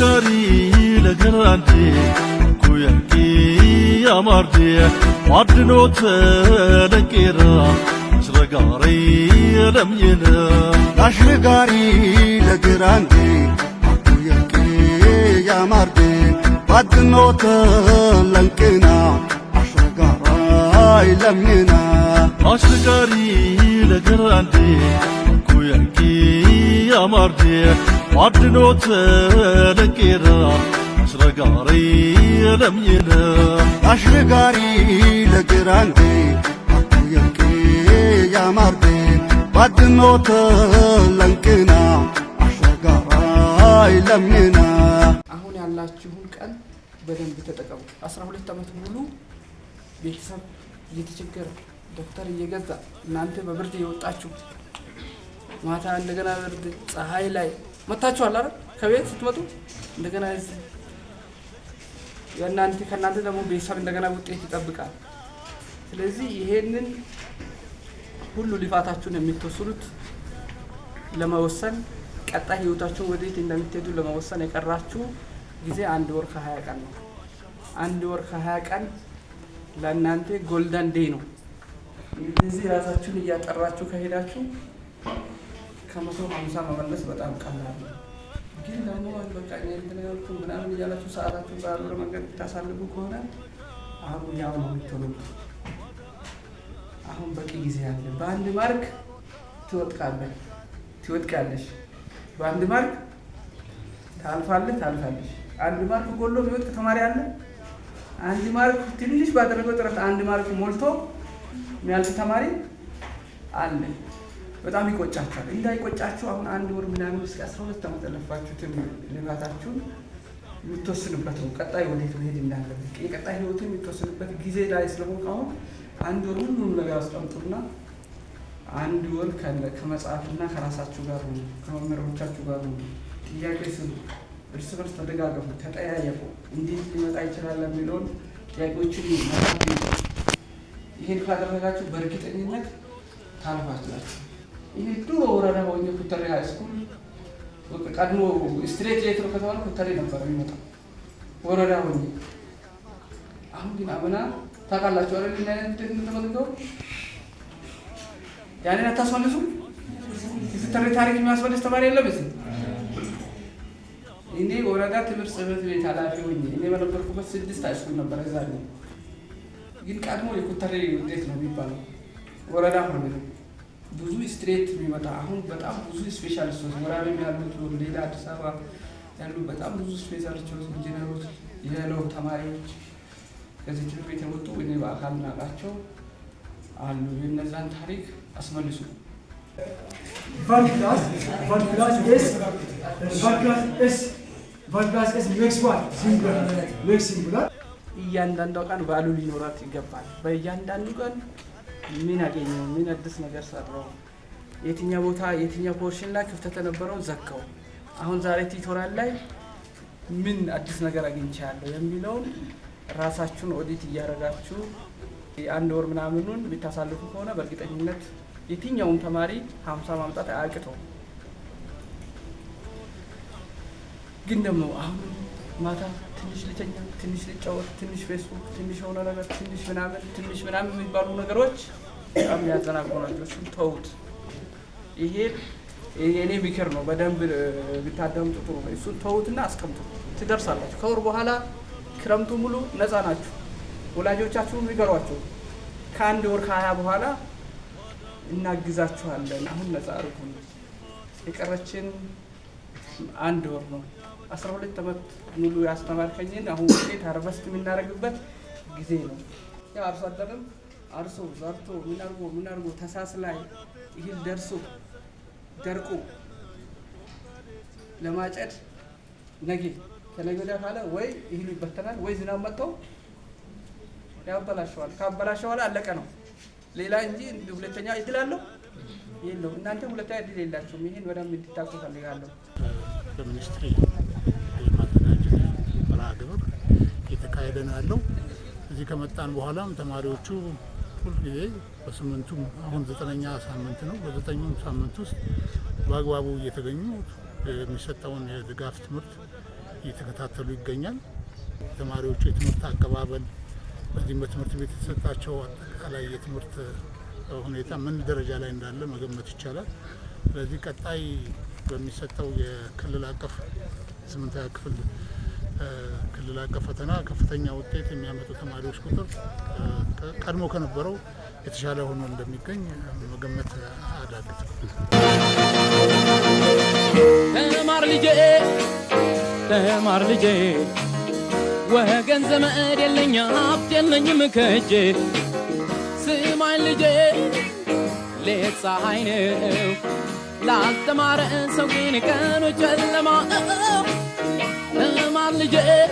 gaarii lagaraantee guyyaagee amaardee maaddinoota dhaqeera ashira gaarii lamyeena. Ashira gaarii lagaraantee guyyaagee amaardee maaddinoota lanqeena ashira gaarii lamyeena. Ashira gaarii lagaraantee guyyaagee. يا عدنوت لكيرا أشرقاري لمينا أشرقاري لكيرانتي أكو يبكي يا مردي عدنوت لنكنا أشرقاري لمينا አሁን ያላችሁን ቀን በደንብ ተጠቀሙ። አስራ ሁለት ዓመት ሙሉ ቤተሰብ እየተቸገረ ዶክተር እየገዛ እናንተ በብርድ የወጣችሁ ማታ እንደገና ብርድ ፀሐይ ላይ መታችኋል አይደል? ከቤት ስትመጡ እንደገና የእናንተ ከእናንተ ደግሞ ቤተሰብ እንደገና ውጤት ይጠብቃል። ስለዚህ ይሄንን ሁሉ ልፋታችሁን የምትወስዱት ለመወሰን ቀጣይ ህይወታችሁን ወዴት እንደምትሄዱ ለመወሰን የቀራችሁ ጊዜ አንድ ወር ከሀያ ቀን ነው። አንድ ወር ከሀያ ቀን ለእናንተ ጎልደን ዴይ ነው። እዚህ ራሳችሁን እያጠራችሁ ከሄዳችሁ ከመቶ ሀምሳ መመለስ በጣም ቀላል ነው። ግን ደግሞ በቃ እንትን ያልኩህ ምናምን እያላችሁ ሰዓታችሁን ባለ መንገድ ብታሳልፉ ከሆነ አሁን ያው ነው የምትሆኑት። አሁን በቂ ጊዜ አለ። በአንድ ማርክ ትወጥቃለህ ትወጥቃለሽ። በአንድ ማርክ ታልፋለህ ታልፋለሽ። አንድ ማርክ ጎሎ የሚወጥቅ ተማሪ አለ። አንድ ማርክ ትንሽ ባደረገው ጥረት አንድ ማርክ ሞልቶ የሚያልፍ ተማሪ አለ። በጣም ይቆጫችኋል። እንዳይቆጫችሁ አሁን አንድ ወር ምናምን እስከ አስራ ሁለት ዓመት ያለፋችሁትን ልባታችሁን የምትወስንበት ነው። ቀጣይ ወዴት መሄድ እንዳለበት የቀጣይ ህይወቱ የምትወስንበት ጊዜ ላይ ስለሆን አሁን አንድ ወር ሁሉም ነገር አስቀምጡና አንድ ወር ከመጽሐፍና ከራሳችሁ ጋር ሆኑ፣ ከመምህሮቻችሁ ጋር ጥያቄ ስሉ፣ እርስ በርስ ተደጋገፉ፣ ተጠያየቁ። እንዴት ሊመጣ ይችላል የሚለውን ጥያቄዎችን ይህን ካደረጋችሁ በእርግጠኝነት ታልፋችላችሁ። ይህ ድሮ ወረዳ ሆኜ ኩተሬ ሃይስኩል ቀድሞ ስትሬት ሌትሮ ከተባለ ኩተሬ ነበር የሚመጣ ወረዳ ሆኜ። አሁን ግን አምና ታውቃላችሁ አለ እንደምትፈልገው ያንን አታስመልሱ። የኩተሬ ታሪክ የሚያስመልስ ተማሪ የለም እዚህ። እኔ ወረዳ ትምህርት ጽህፈት ቤት ኃላፊ ሆኜ እኔ በነበርኩበት ስድስት ሃይስኩል ነበር። እዛ ግን ቀድሞ የኩተሬ ውጤት ነው የሚባለው ወረዳ ሆኜ ነው ብዙ ስትሬት የሚመጣ አሁን በጣም ብዙ ስፔሻሊስቶች ወራቤም ያሉት ሌላ አዲስ አበባ ያሉ በጣም ብዙ ስፔሻሊስቶች፣ ኢንጂነሮች፣ የለው ተማሪዎች ከዚህ ትምህርት ቤት የወጡ እኔ በአካል ናቃቸው አሉ። የነዛን ታሪክ አስመልሱ። እያንዳንዷ ቀን ባሉ ሊኖራት ይገባል። በእያንዳንዱ ቀን ምን አገኘው? ምን አዲስ ነገር ሰራው? የትኛው ቦታ የትኛው ፖርሽን ላይ ክፍተት የነበረው ዘጋው? አሁን ዛሬ ቲቶራል ላይ ምን አዲስ ነገር አግኝቻለሁ የሚለውን ራሳችሁን ኦዲት እያደረጋችሁ አንድ ወር ምናምኑን ቢታሳልፉ ከሆነ በእርግጠኝነት የትኛውም ተማሪ ሀምሳ ማምጣት አያቅተው። ግን ደግሞ አሁን ማታ ትንሽ ልተኛ፣ ትንሽ ልጫወት፣ ትንሽ ፌስቡክ፣ ትንሽ የሆነ ነገር፣ ትንሽ ምናምን፣ ትንሽ ምናምን የሚባሉ ነገሮች በጣም ያዘናጉ ናቸው። ተውት። ይሄ የእኔ ምክር ነው። በደንብ ብታዳምጡ ጥሩ ነው። እሱን ተውትና አስቀምጡ፣ ትደርሳላችሁ። ከወር በኋላ ክረምቱ ሙሉ ነፃ ናችሁ። ወላጆቻችሁን ይገሯቸው። ከአንድ ወር ከሀያ በኋላ እናግዛችኋለን፣ አሁን ነፃ አድርጉ። የቀረችን አንድ ወር ነው። አስራ ሁለት ዓመት ሙሉ ያስተማርከኝን አሁን ውጤት ሀርቨስት የምናደርግበት ጊዜ ነው። ያው አርሶ አደርም አርሶ ዘርቶ ምናርጎ አድርጎ ምን አድርጎ ተሳስ ላይ ይህን ደርሶ ደርቆ ለማጨድ ነገ ከነገ ወዲያ ካለ ወይ ይህሉ ይበተናል ወይ ዝናብ መጥተው ያበላሸዋል። ካበላሸዋል አለቀ ነው። ሌላ እንጂ ሁለተኛ እድል አለው የለውም። እናንተ ሁለተኛ እድል የላችሁም። ይህን በደንብ እንድታውቁ ፈልጋለሁ በሚኒስትሪ መርሃ ግብር እየተካሄደ ነው ያለው። እዚህ ከመጣን በኋላም ተማሪዎቹ ሁልጊዜ በስምንቱ አሁን ዘጠነኛ ሳምንት ነው። በዘጠኙም ሳምንት ውስጥ በአግባቡ እየተገኙ የሚሰጠውን የድጋፍ ትምህርት እየተከታተሉ ይገኛል። ተማሪዎቹ የትምህርት አቀባበል በዚህም በትምህርት ቤት የተሰጣቸው አጠቃላይ የትምህርት ሁኔታ ምን ደረጃ ላይ እንዳለ መገመት ይቻላል። ስለዚህ ቀጣይ በሚሰጠው የክልል አቀፍ ስምንተኛ ክፍል ክልል አቀፍ ፈተና ከፍተኛ ውጤት የሚያመጡ ተማሪዎች ቁጥር ቀድሞ ከነበረው የተሻለ ሆኖ እንደሚገኝ መገመት አዳግት። ተማር ልጄ ተማር ልጄ ወገን ዘመድ የለኝ ሀብት የለኝም ከእጄ ስማኝ ልጄ ሌት ፀሐይ ነው ላልተማረ ሰው ግን ቀኑ ጨለማ family, yeah.